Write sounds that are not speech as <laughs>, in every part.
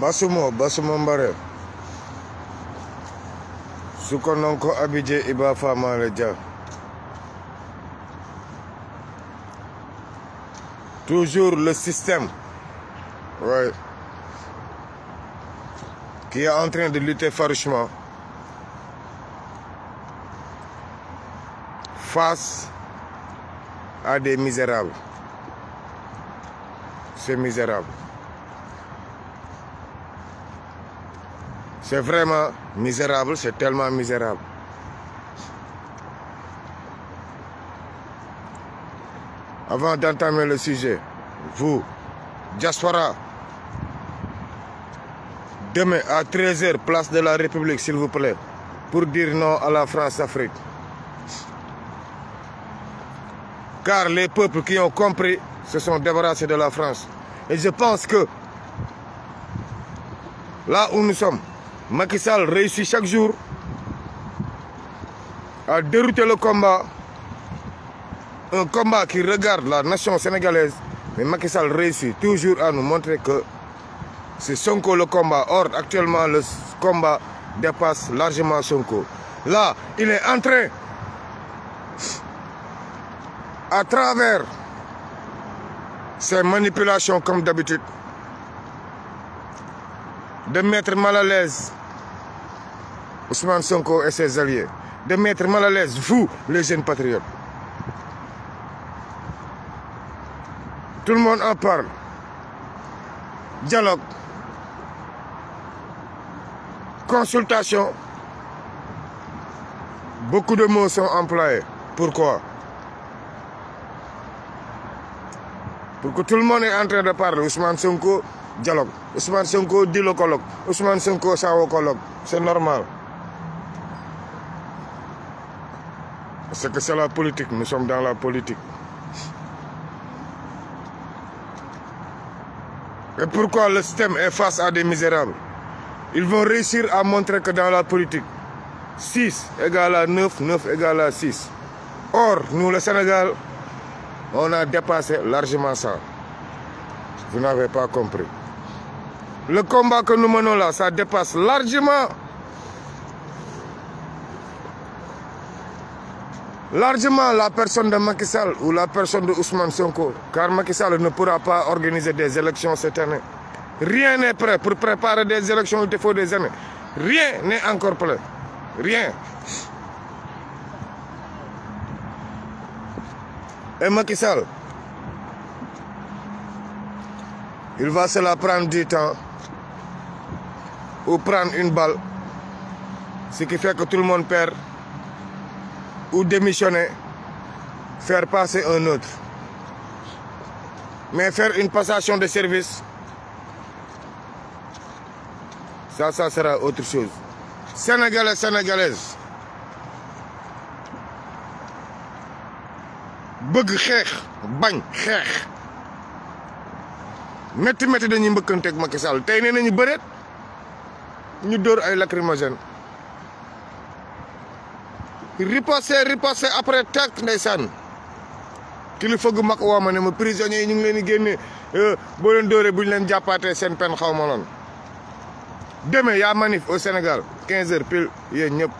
basumo basumo mbare suko non ko abidje iba famale dia toujours le système ouais qui est en de lutter farouchement face à des misérables ces misérables C'est vraiment misérable, c'est tellement misérable. Avant d'entamer le sujet, vous, diaspora, demain à 13h, place de la République, s'il vous plaît, pour dire non à la France-Afrique. Car les peuples qui ont compris se sont débarrassés de la France. Et je pense que là où nous sommes, Macky Sall réussit chaque jour à dérouter le combat. Un combat qui regarde la nation sénégalaise. Mais Macky Sall réussit toujours à nous montrer que c'est Sonko le combat. Or, actuellement, le combat dépasse largement Sonko. Là, il est en train, à travers ces manipulations comme d'habitude, de mettre mal à l'aise Ousmane Sonko et ses de mettre mal à l'aise vous, les jeunes patriotes. Tout le monde en parle. Dialogue, consultation, beaucoup de mots sont employés. Pourquoi Pour que tout le monde est en train de parler. Ousmane Sonko dialogue Ousmane Sonko dit le colloque Ousmane Sonko ça c'est normal parce que c'est la politique nous sommes dans la politique et pourquoi le système est face à des misérables ils vont réussir à montrer que dans la politique 6 égale à 9 9 égale à 6 or nous le Sénégal on a dépassé largement ça vous n'avez pas compris Le combat que nous menons là, ça dépasse largement largement la personne de Macky ou la personne de Ousmane Sonko, car Macky Sall ne pourra pas organiser des élections cette année. Rien n'est prêt pour préparer des élections, il te faut des années. Rien n'est encore prêt. Rien. Et Macky Sall, il va se la prendre du temps. ou prendre une balle, ce ki fekk que tout le monde perd, ou démissionner, faire un autre. Mais faire une passation de service, ça, ça sera autre chose. Sénégalais, Sénégalaises, bëgg xeex bañ xeex métti métti dañuy mbëkkanteeg Macky Sall tey nee nañu bëreet ñu dóor ay lacrymogène riposté riposté après tekk ndeysaan kilifa gu mag woo ma ne ma prisonniers yi ñu ngi leen di génne euh, boo leen dóoree bu ñu leen jàppaatee seen pen xaw ma noonu demee yaa manif au Sénégal 15 heures pile yéen ñëpp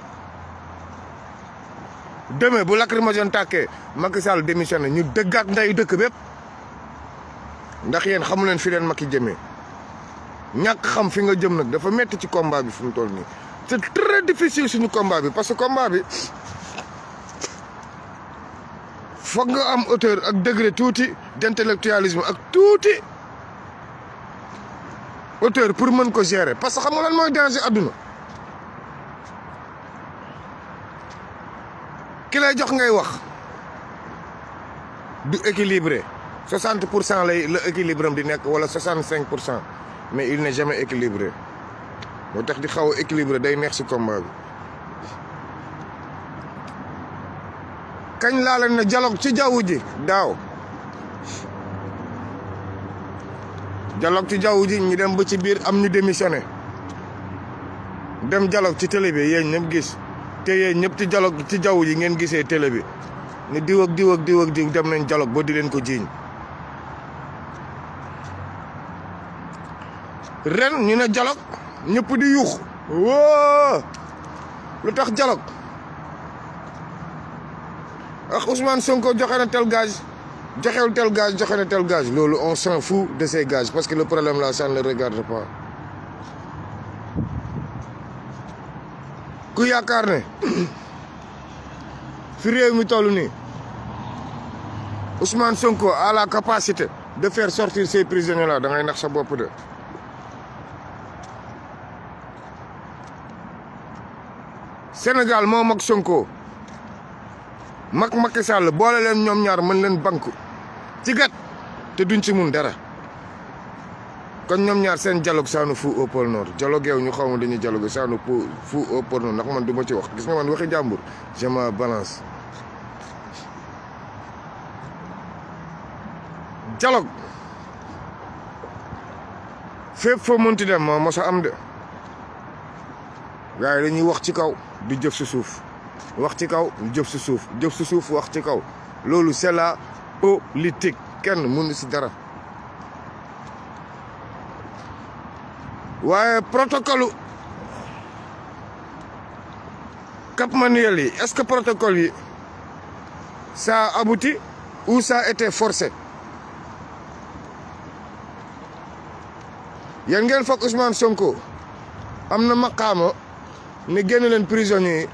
demee bu lacrymogène tàkkee Macky Sall démissionné ñu dëggaat nday dëkk bépp ndax yéen xamu leen fi leen Macky jëmee ñàkk xam fi nga jëm nag dafa metti ci combat bi fu mu toll nii c'est très difficile suñu combat bi parce que combat bi foog nga am hauteur ak degré tuuti d'intellectualisme ak tuuti hauteur pour mën ko gérer parce que xam nga lan mooy danger àdduna ki lay jox ngay wax du équilibré 60 pour cent lay la équilibre am di nekk wala cinq pour cent. mais il n'est jamais équilibré moo tax di xaw a équilibré day neex ci combat kañ laa leen ne dialogue ci jaww ji daaw dialogue ci jaww ji ñu dem ba ci biir am ñu démissionné dem dialogue ci télé bi yéen ñëpp gis te yéen ñëpp ci dialogue ci jaww ji ngeen gisee télé bi ne diw ak diw ak diw dem nañ dialogue ba di leen ko jiiñ ren ñu ne dialogue ñëpp di yuux wóo lu tax dialogue ak ah, Ousmane Sonko joxe na tel gage joxewul tel joxe na tel gage loolu on s'en fout de ces gages parce que le problème là ça ne le regarde pas ku yaakaar ne <coughs> fi réew mi toll nii Ousmane Sonko à la capacité de faire sortir ces prisonniers là da ngay sa bopp de Sénégal moo mag Sonko mag Macky boole leen ñoom ñaar mën leen banku ci gat te duñ ci mun dara kon ñoom ñaar seen dialogue saanu fu au pôle nord dialogue ñu xaw ma dañuy dialogue saanu fu au pôle nord ndax man du ci wax gis nga man waxi jàmbur je me fépp foo mënti dem moo mos a am de waaye dañuy wax ci kaw. di jëf si suuf wax ci kaw jëf si suuf jëf si suuf wax ci kaw loolu c'est la politique kenn mënu si dara waaye protocole Cap Manuel yi est-ce que protocole yi ça a abouti ou ça a été forcé yéen ngeen foog Sonko am na maqaama ne génn leen prisonniers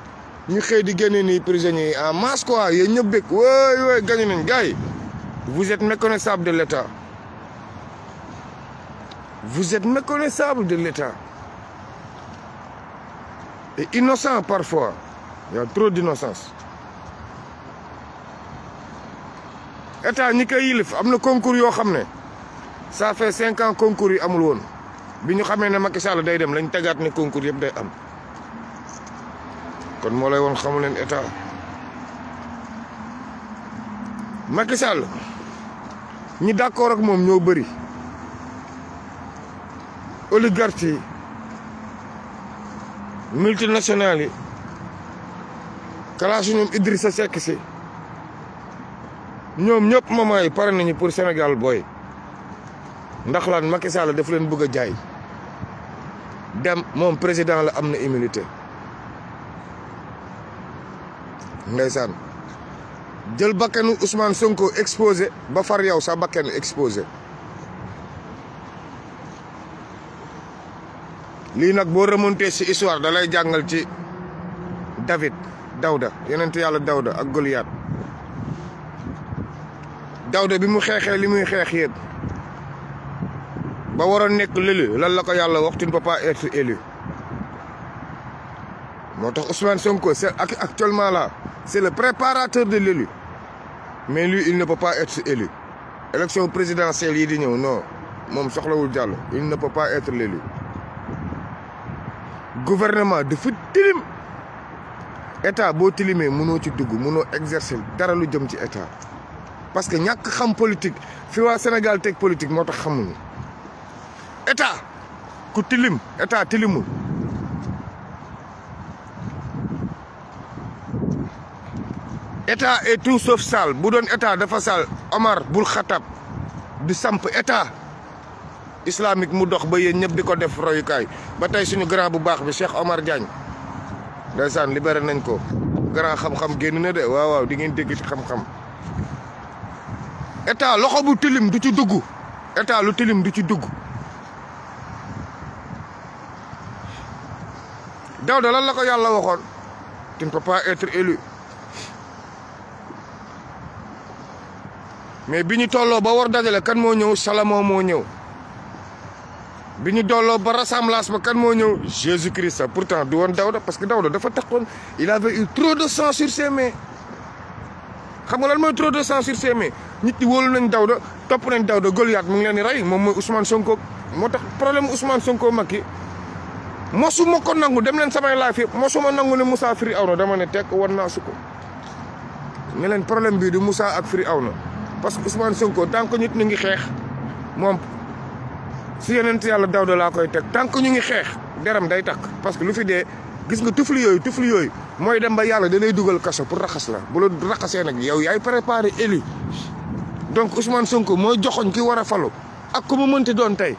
yi ñu xëy di génne nii prisonniers yi en masse quoi yéen ñëpp bëgg wooy wooy gañu nañ gars yi vous êtes méconnaissable de l' état vous êtes méconnaissable de l' état et innocent parfois y trop d' innocence état ñi koy yilif am na concours yoo xam ne ça fait cinq ans concours yi amul woon bi ñu xamee ne Macky Sall day dem lañ tegaat ne concours yëpp day am kon moo lay woon xamu leen état Macky Sall ñi d'accord ak moom ñoo bëri oligarchie yi multinationales yi kalaasu ñoom Idrissa Seck ñoom ñëpp moment yi pare nañu pour Sénégal booy ndax lan Macky Sall daf leen bëgg a jaay dem moom président la am na immunité ndeysaan jël bakkanu Ousmane Sonko exposé ba far yow sa bakkan exposé lii nag boo remonté ci histoire dalay jàngal ci David Dawda yonent yàlla Dawda ak Goliath Dawda bi mu xeexee li muy xeex yëpp ba war a nekk l'élu lan la ko yàlla wax tu ne peux élu moo tax Ousmane Sonko c'est actuellement là C'est le préparateur de l'élu. Mais lui, il ne peut pas être élu. Élection présidentielle, il dit non. non. Il ne peut pas être l'élu. Gouvernement de foot, état boo tilimee mënoo ci dugg mënoo exercer dara lu jëm ci état parce que ñàkk xam politique fi waa Sénégal teg politique moo tax xamuñu état ku tilim état tilimul état est tout sauf bu doon état dafa sale bul xatab du samp état islamique mu dox ba yéen ñëpp di ko def royukaay ba tey suñu grand bu baax bi Cheikh Omar Diagne nañ ko grand xam-xam génn di ngeen dégg ci loxo bu tilim du ci dugg état lu tilim du ci dugg Dawda lan la ko yàlla waxoon tu ne peux pas mais bi ñu tolloo ba war dajale kan moo ñëw Salomon moo ñëw bi ñu tolloo ba rassemblage ma kan moo ñëw Jésus Christ pourtant di woon Dawda parce que Dawda dafa taxoon il avait eu trop de sang ur ses mains xam nga lan mooy trop de sang sur ses mains nit ñi wóolu nañ Dawda topp nañ Dawda Goliath mu ngi leen di rey moom mooy Ousmane Sonko moo tax problème Ousmane Sonko mag yi mosuma ko nangu dem leen samay laaf yëpp mosuma nangu ne Moussa Firi aw na dama ne teg war naa su problème bii du Moussa ak Firi aw na parce que Ousmane Sonko tant que nit ñu ngi xeex moom si yonent yàlla daw da laa koy teg tant que ñu ngi xeex deram day takk parce que lu fi dee gis nga tufli yooyu tufli yooyu mooy dem ba yàlla da dugal kaso pour raxas la bu la raxasee nag yow yaay préparé élu donc Ousmane Sonko mooy joxoñ ki war a falu ak ku mu mënti doon tey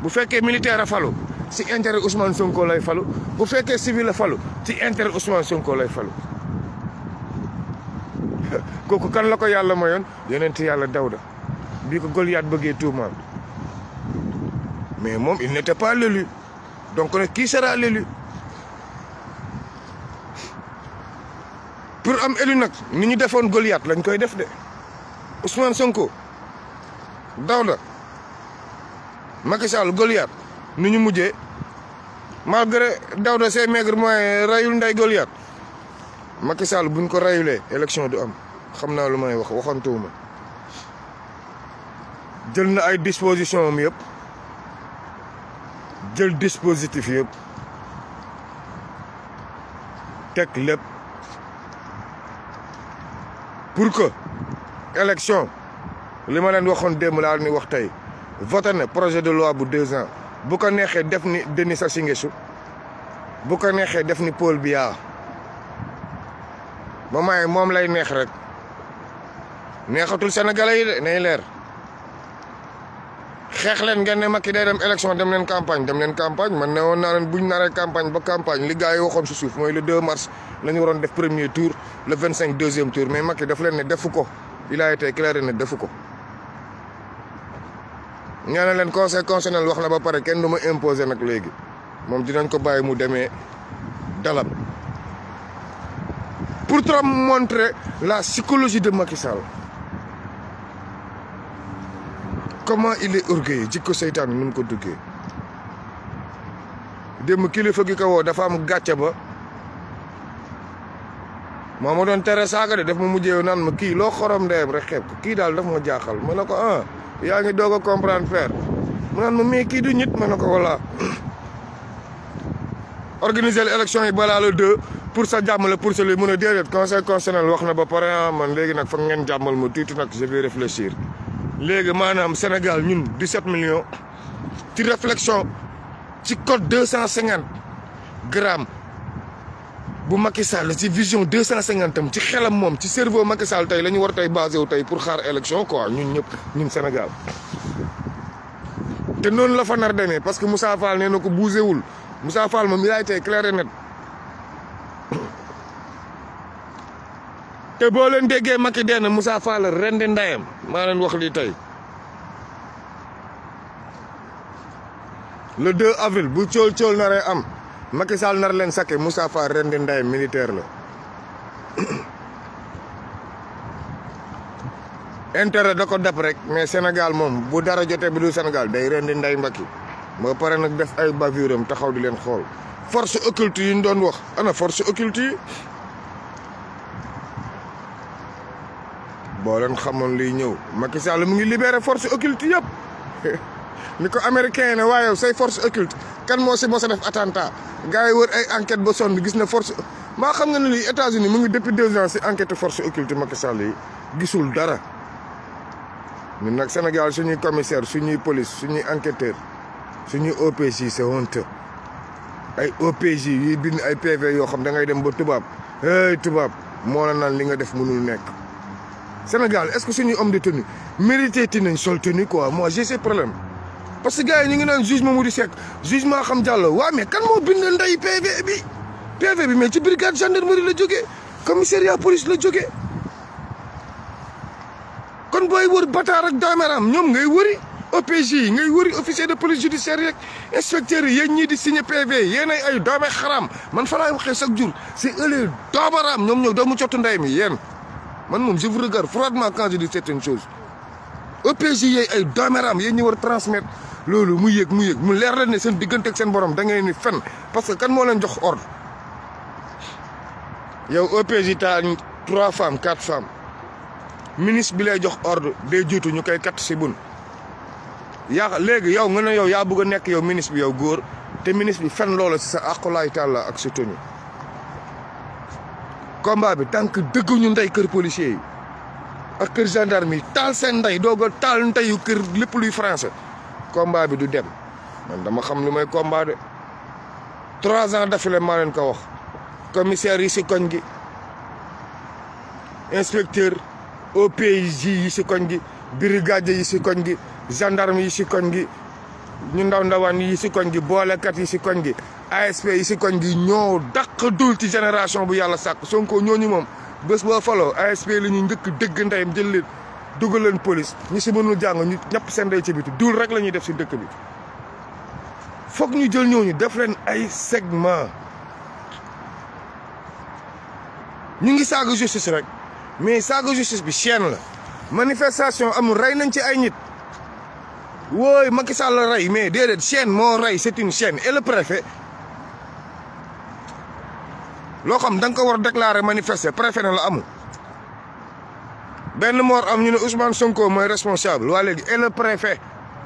bu fekkee militaire a falu si intérêt Ousmane Sonko lay falu bu fekkee civil a falu ci intérêt Ousmane Sonko lay falu <laughs> kooku kan la ko yàlla mayoon yonent yàlla Dawda bi ko Goliath bëggee tuumaal mais moom il n'était l'élu donc nag qui sera l'élu pour am élu nag ni ñu defoon goliyaat lañ koy def de Ousmane Sonko Dawda Macky Sall Goliath ni ñu mujjee malgré Dawda ses maigres moyens rayul nday Goliath Macky Sall buñ ko rayulee élection du am xam naa lu may wax waxantuwuma jël na ay disposition am yëpp jël dispositif yëpp teg lépp pour que élection li ma leen waxoon démb laa ni wax tey voté na projet de loi bu deux ans bu ko neexee def ni Denis Sassou Nguesso bu ko neexee def ni Paul Biya moment yi moom lay neex rek neexatul sénégalais yi de nay leer xeex leen ngeen ne Macky day dem élection dem leen campagne dem leen campagne man ne woon naa leen buñ naree campagne ba campagne li gars yi waxoon si suuf mooy le 2 mars la ñu waroon def premier tour le cinq deuxième tour mais Macky daf leen ne defu ko il a été clair ne defu ko. ñu leen conseil constitutionnel wax na ba pare kenn du ma imposer nag léegi moom dinañ ko bàyyi mu demee dalam. pour te montrer la psychologie de Macky Sall comment il est orgueilleux jikko seytaan bi nu ko duggee démb kilifa gi ko woo dafa am gàcce ba moo ma doon tere saaga de daf ma mujjee naan ma kii loo xorom ndeyam rek xeeb kii daal daf ma jaaxal ma ne ko ah yaa ngi doog a comprendre faire mu naan ma mais kii du nit ma ne ko voilà <coughs> organiser l'élection yi balaa le deux pour sa jàmmale la pour sa luy mun a déedéet conseil constitutionnel wax na ba pare ah, man léegi nag foog ngeen jàmmal ma tuuti nag je vais réfléchir léegi maanaam Sénégal ñun 17 millions ci réflexion ci code 250 grammes bu Macky Sall ci vision 250 tam ci xelam moom ci cerveau Macky Sall tey la ñu war tey basé wu tey pour xaar élection quoi ñun ñëpp ñun Sénégal. te noonu la fa nar demee parce que Moussa Fall nee na ko bougé wul Moussa Fall moom yaay tey clair net. te boo leen déggee Macky dee na Moussa Fall rendi ndayam maa leen wax lii tey le 2 avril bu cool cool naree am Macky Sall nar leen sakke Moussa Fall rendi ndayam militaire la intérêt da ko dab rek mais senegal moom bu dara jotee bi du Sénégal day rendi nday Macky moo pare nag def ay bavure am taxaw di leen xool force occulte yi ñu doon wax ana force occulte yi boo leen xamoon liy ñëw Macky Sall mu ngi libéré force occulte yëpp <laughs> ni ko américain ne waaye say force occulte kan moo si mos a def attentat gars yi wër ay enquête ba sonn gis na force maa xam nga ne lii États-Unis mu ngi depuis deux ans si enquête force occulte Macky Sall yi gisul dara ñun nag Sénégal suñuy commissaire suñuy police suñuy enquêteur suñuy OPC c'est honteux ay OPJ yuy bind ay PV yoo xam da ngay dem ba tubaab hey tubaab moo la naan li nga def mënul nekk. Sénégal est-ce que suñuy homme de tenue mérité ti nañ sol tenue quoi moi j'ai problème parce que gars ñu ngi naan juge Mamadou Seck juge maa xam Diallo waaw mais kan moo bind ndey PV bi PV bi mais ci brigade gendarmerie la jógee commissariat police la jógee kon booy wër bataar ak doomeram ñoom ngay wëri. OPJ yi ngay wëri officier de police judiciaire yeeg inspecteurs yi yéen ñii di signé PV yéen ay ay doome xaram man fa laay waxee chaque jour c'est ëllëg doobaram ñoom ñoo doomu cottu ndey mi yéen man moom je vous regarde froidement quand je dis certaines choses OPJ yooyu ay doomeram yéen ñi war transmettre loolu mu yëg mu yëg mu leer la ne seen diggante ak seen borom da ngeen ni fen parce que kan moo leen jox ordre yow OPJ taal trois femmes quatre femmes ministre bi lay jox ordre day jiitu ñu koy kat si bun yaa léegi yow nga ne yow yaa bugg a nekk yow ministre bi yow góor te ministre bi fen loola si sa aqulaay tàlla ak sa toni combat bi tànk que dëgguñu ndey kër policier yi ak kër gendarme yi taal seen ndey doog a taal ndeyu kër lépp luy français combat bi du dem man dama xam lu may combat de trois ans d'affilée maa leen ko wax commissaire yi si koñ gi inspecteur OPJ yi si koñ gi brigadier yi si koñ gi gendarme yi si koñ gi ñu ndaw ndawaan yi si koñ gi boolekat yi si koñ gi ASP yi si koñ gi ñoo daq dul ci génération bu yàlla sàkk Sonko ñooñu moom bés boo faloo ASP la ñuy njëkk dëgg ndeyam jël leen dugal leen police ñu si mënul jàng ñu ñëpp seen ndey ci biti dul rek la ñuy def si dëkk bi foog ñu jël ñooñu def leen ay segment ñu ngi saaga justice rek mais saaga justice bi chaîne la manifestation amul rey nañ ci ay nit wooy Macky Sall rey mais déedéet chaîne moo rey c'est une chaîne et le préfet loo xam da nga ko war déclarer manifester préfet na la amu benn moor am ñu ne Ousmane Sonko mooy responsable waa léegi et le préfet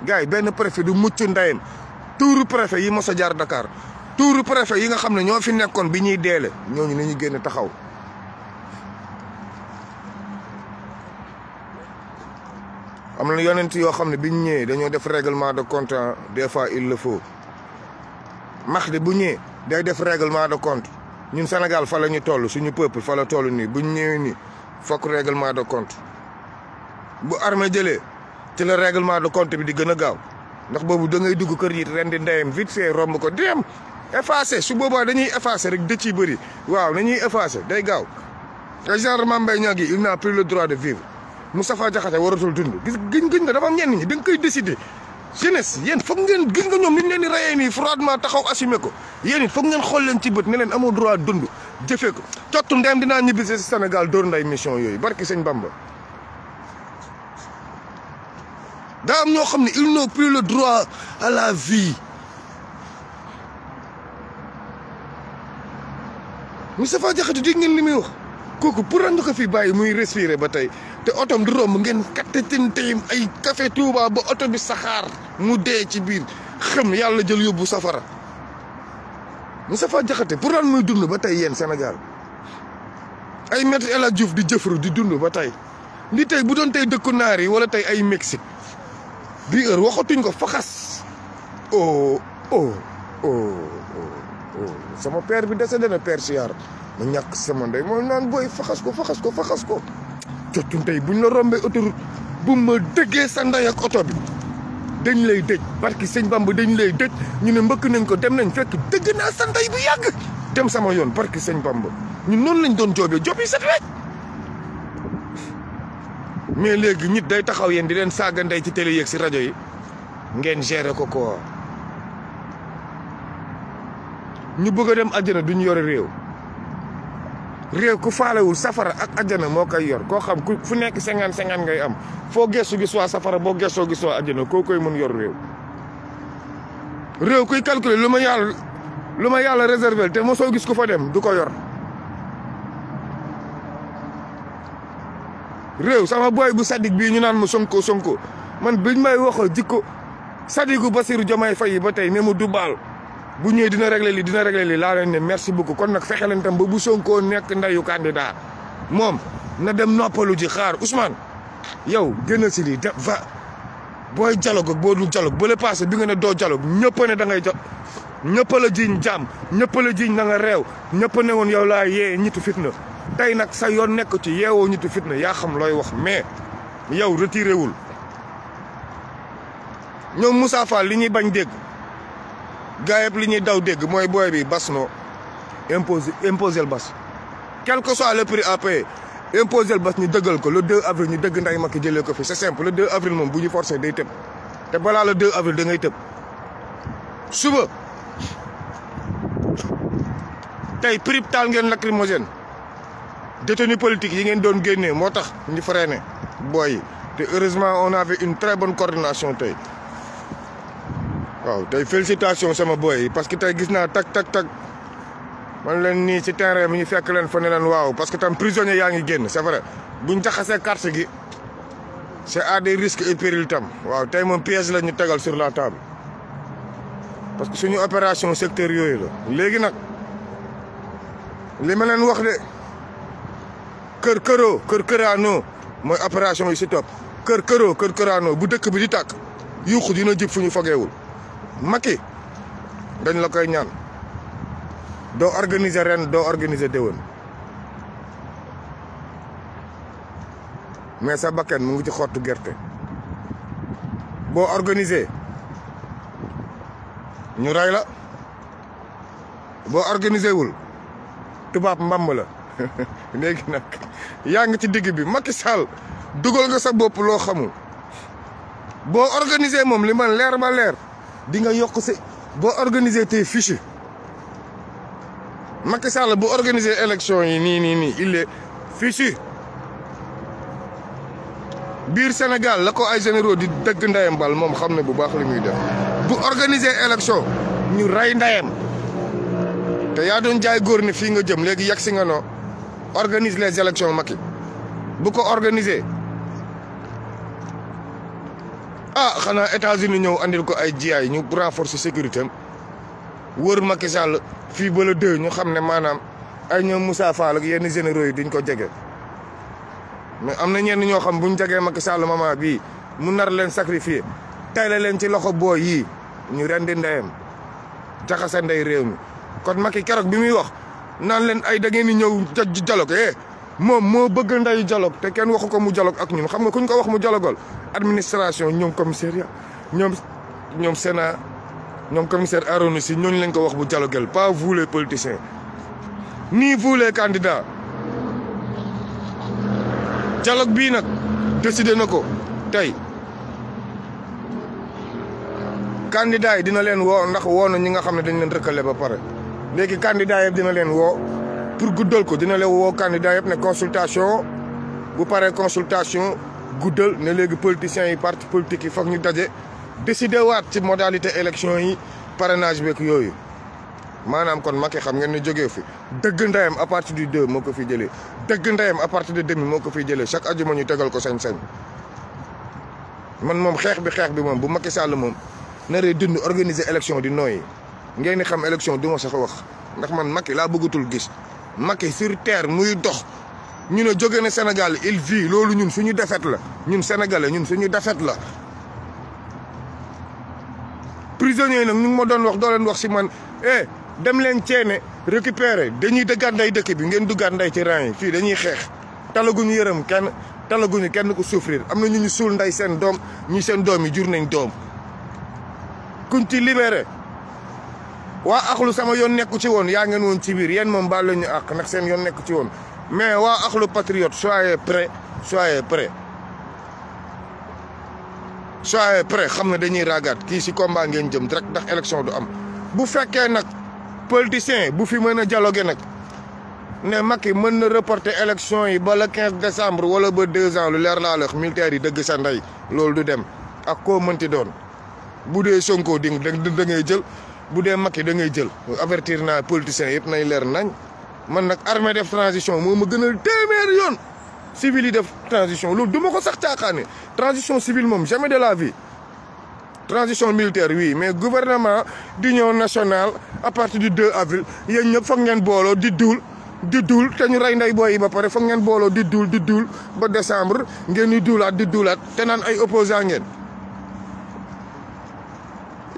gars yi benn préfet du mucc ndayem tuuru préfet yi mos a jaar Dakar tuuru préfet yi nga xam ne ñoo fi nekkoon bi ñuy deele ñooñu nañu génn taxaw am na yonent yoo xam ne bi ñu ñëwee dañoo def règlement de compte des fois il le faut Mahdi bu ñuy day def règlement de compte ñun Sénégal fa ñu toll suñu peuple fa la toll nii bu ñu ñëwee nii fokk règlement de compte bu armée jëlee ci la règlement de compte bi di gën a gaaw ndax boobu da ngay dugg kër yi ren di ndeyam vite fait romb ko dem effacé su boobaa dañuy effacé rek dëcc yi bëri waaw ñuy effacé day gaaw gendarme Mbaye Niang gi il n'a plus le droit de vivre. Moustapha Diakhaté waratul dund gis gëñ gëñ nga dafa am ñenn ñi da nga koy décider jeunesse yéen foog ngeen gis nga ñoom ni ñu leen di rayee nii froidement taxaw assumé ko yéen it foog ngeen xool leen ci bët ne amoo droit dund jëfee ko cottu ndem dinaa ñibbisi si Sénégal dóor nday mission yooyu barki sëñ Bamba daa ñoo xam ne ils n'ont plus le droit à la vie Moustapha Diakhaté dégg ngeen li muy kooku pour nga ko fi bàyyi muy respirer ba tey te otom du romb ngeen kattatinteyim ay café Touba ba oto bi saxaar mu dee ci biir xam yàlla jël yóbbu safara Moustapha Diakhaté pour lan muy dund ba tey yenn senegal ay maître El Hadj Diouf di jëfru di dund ba tey li tey bu doon tey dëkku naar yi wala tey ay Mexique bii heure waxatuñ ko faxas oh oh, oh, oh. Oh, sama père bi décédé na père Siyaar ma ñàkk sama ndey moom naan booy faxas ko faxas ko faxas ko coccun tey buñ la rombee autoroute bu ma dëggee sa ndey ak oto bi dañ lay dëj barki sëñ Bamba dañ lay dëj ñu ne mbëkk nañ ko dem nañ fekk dëgg naa sa ndey bu yàgg dem sama yoon barki señ Bamba ñun noonu lañ doon joobee job yi set wecc mais léegi ñit day taxaw yéen di leen saaga ndey ci télé yeeg si rajo yi ngeen gérer ko ko ñu bëgg a dem àjjana duñu yore réew réew ku faalewul safara ak àjjana moo koy yor koo xam ku fu nekk cinquante cinquante ngay am foo gestu gis waa safara boo gestoo gis waa àjjana koo koy mën yor réew réew kuy calculer lu ma yàlla lu ma yàlla réserver te mosoo gis ku fa dem du ko yor réew sama boy bu sadik bii ñu naan mu sonko sonko man biñ may wax jikko sadiku Basiru Jomaay Fay ba tey ne mu du baal bu ñëwee dina régler lii dina régler lii laa leen ne merci beaucoup kon nag fexe leen tam ba bu Sonko nekk ndeyu candidat moom na dem noppalu ji xaar Ousmane yow génn si lii def va booy dialogue ak boo dul dialogue ba le passé bi nga ne doo dialogue ñëpp ne da ngay jot ñëpp la jiñ jàmm ñëpp la jiñ na nga réew ñëpp ne woon yow laa yee ñitu fitna tey nag sa yoon nekku ci yeewoo ñitu fitna yaa xam looy wax mais yow retiré wul ñoom Moussa Fall li ñuy bañ dégg. gaa yëpp li ñuy daw dégg mooy booy bi bas noo imposé imposé le bas quel que soit le prix à payer imposé bas ñu dëggal ko le 2 avril ñu dëgg nday Macky jëlee ko fi c'est simple le 2 avril moom bu ñu forcé day tëb te balaa la 2 avril da ngay tëb suba tey prix taal ngeen lacrymogène détenu politique yi ngeen doon génnee moo tax ñu freiné booy yi te heureusement a avait une très bonne coordination tey waaw tey félicitation sama boy yi parce que tey gis naa tak tak tak man leen nii ci terrain bi ñu fekk leen fa ne leen waaw parce que tam prisonnier yaa ngi génn c'est vrai buñ jaxasee carte gi c'est à des risques et périls tam waaw tey moom piège la ñu tegal sur la table parce que suñu opération secteur yooyu la léegi nag li ma wax de kër këroo kër këraanoo mooy opération yi si topp kër këroo kër kër këraanoo bu dëkk bi di tàkk yuuxu dina jib fu ñu fogewul Macky dañ la koy ñaan doo organiser ren doo organiser déwén mais sa bakkan mu ngi ci xottu gerte boo organiser ñu rey la boo organiser wul tubaab mbamb la <laughs> léegi nag yaa ngi ci digg bi Macky Sall dugal nga sa bopp loo xamul boo organiser moom li man leer ba leer. di nga yokk si boo organiser tes fiches Macky Sall bu organiser élection yi nii nii nii il est fichu biir Sénégal la ko ay généraux di dëgg ndayam bal moom xam ne bu baax li muy def bu organiser élection ñu ray ndayam te yaa doon jaay góor ne fii nga jëm léegi yegg si nga noo organise les élections Macky bu ko organiser ah xanaa États-Unis ñëw andil ko ay jiyaay ñu renforcer sécurité am wër Macky Sall fii ba le deux ñu xam ne maanaam ay ñoom Moussa Fall ak yenn généraux yi duñ ko jege. mais am na ñenn ñoo xam buñ jegee Macky Sall mama bii mu nar leen sacrifier tayle leen ci loxo bo yii ñu rendi ndeyam jaxase ndey réew mi kon Macky keroog bi muy wax naan leen ay da ngeen di ñëw jaj dialogue eh? moom moo bëgg nday jaloog te kenn waxu ko mu dialogue ak ñun xam nga kuñ ko wax mu dialogal administration ñoom commissariat ñoom ñoom Sénat ñoom commissaire Arouna ñooñu lañ ko wax bu dialoguel paa vous les politiciens ni vous les candidats bii nag décidé na ko tey candidats yi dina leen woo ndax woo na ñi nga xam ne dañ leen rëkkale ba pare léegi candidats yi dina leen woo pour guddal ko dina la woo candidat yëpp ne consultation bu paree consultation guddal ne léegi politiciens yi parti politique yi foog ñu daje décider waat ci modalité élection yi parenage beeg yooyu maanaam kon Macky xam ngeen ne jógee fi dëgg ndeyam à partir du 2 moo ko fi jëlee dëgg ndeyam à partir de demi moo ko fiy jëlee chaque ajuma ñu tegal ko sañ-sañ man moom xeex bi xeex bi moom bu makki Sall moom naree dund organiser élection di nooy ngeen ni xam élection du ma sax wax ndax man Macky laa bëggatul gis. Macky sur terre muy dox ñu ne jóge na Sénégal il vit loolu ñun suñu defet la ñun sénégalais ñun suñu defet la. prisonniers yi nag ñu ngi doon wax doo wax si man eh dem leen ceene récupérer dañuy dëggaat nday dëkk bi ngeen duggaat nday ci rang yi fii dañuy xeex talaguñu yërëm kenn talaguñu kenn ku souffrir am na ñu ñu suul nday seen doom ñi seen doom yi jur nañ doom kuñ ci libéré. waa axlu sama yoon nekku ci woon yaa ngeen woon ci biir yéen moom baal la ñu àq nag seen yoon nekku ci woon mais waa axlu patriote soyez prêts soyez prêts soyez prêts xam ne dañuy raagaat kii si combat ngeen jëm direct ndax élection du am bu fekkee nag politicien bu fi mën a dialoguer nag ne Macky mën na reporter élection yi ba le 15 wala ba deux ans lu leer laa wax militaire yi dëgg sa nday loolu du dem ak koo mënti doon bu dee Sonko di da ngay jël bu dee Macky da ngay jël avertir naa politiciens yëpp nañ leer nañ man nag armée def transition moo ma gënal téeméer yoon civil yi def transition loolu du ma ko sax caaxaane transition civile moom jamais de la vie transition militaire oui mais di d'union nationale à partir du 2 avril yéen ñëpp foog ngeen booloo di duul di duul te ñu rey nday booy yi ba pare foog ngeen booloo di duul di duul ba décembre ngeen di duulaat di duulaat te naan ay opposant ngeen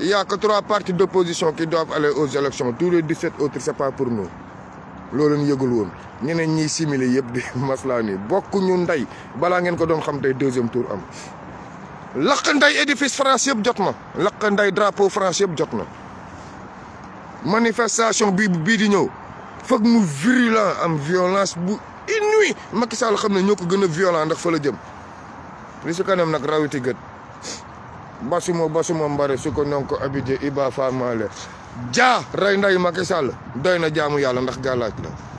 Il n'y a que trois partis d'opposition qui doivent aller aux élections. Tous les 17 autres, ce n'est pas pour nous. loolu ñu yëgul woon ñeneen ñiy simile yëpp di <laughs> maslaa ni bokk ñu ndey balaa ngeen ko doon xam tey deuxième tour am lakk ndey édifice France yëpp jot na lakk ndey drapeau France yëpp jot na manifestation bii bii di ñëw foog mu virulent am violence bu inouïe Macky Sall xam ne ñoo ko gën a violent ndax fa la jëm li si kanam nag rawiti gët basumo basuma mbare su ko non ko abidé iba faamale jaa rey nday Macky Sall doy na jaamu yàlla ndax gàllaaj la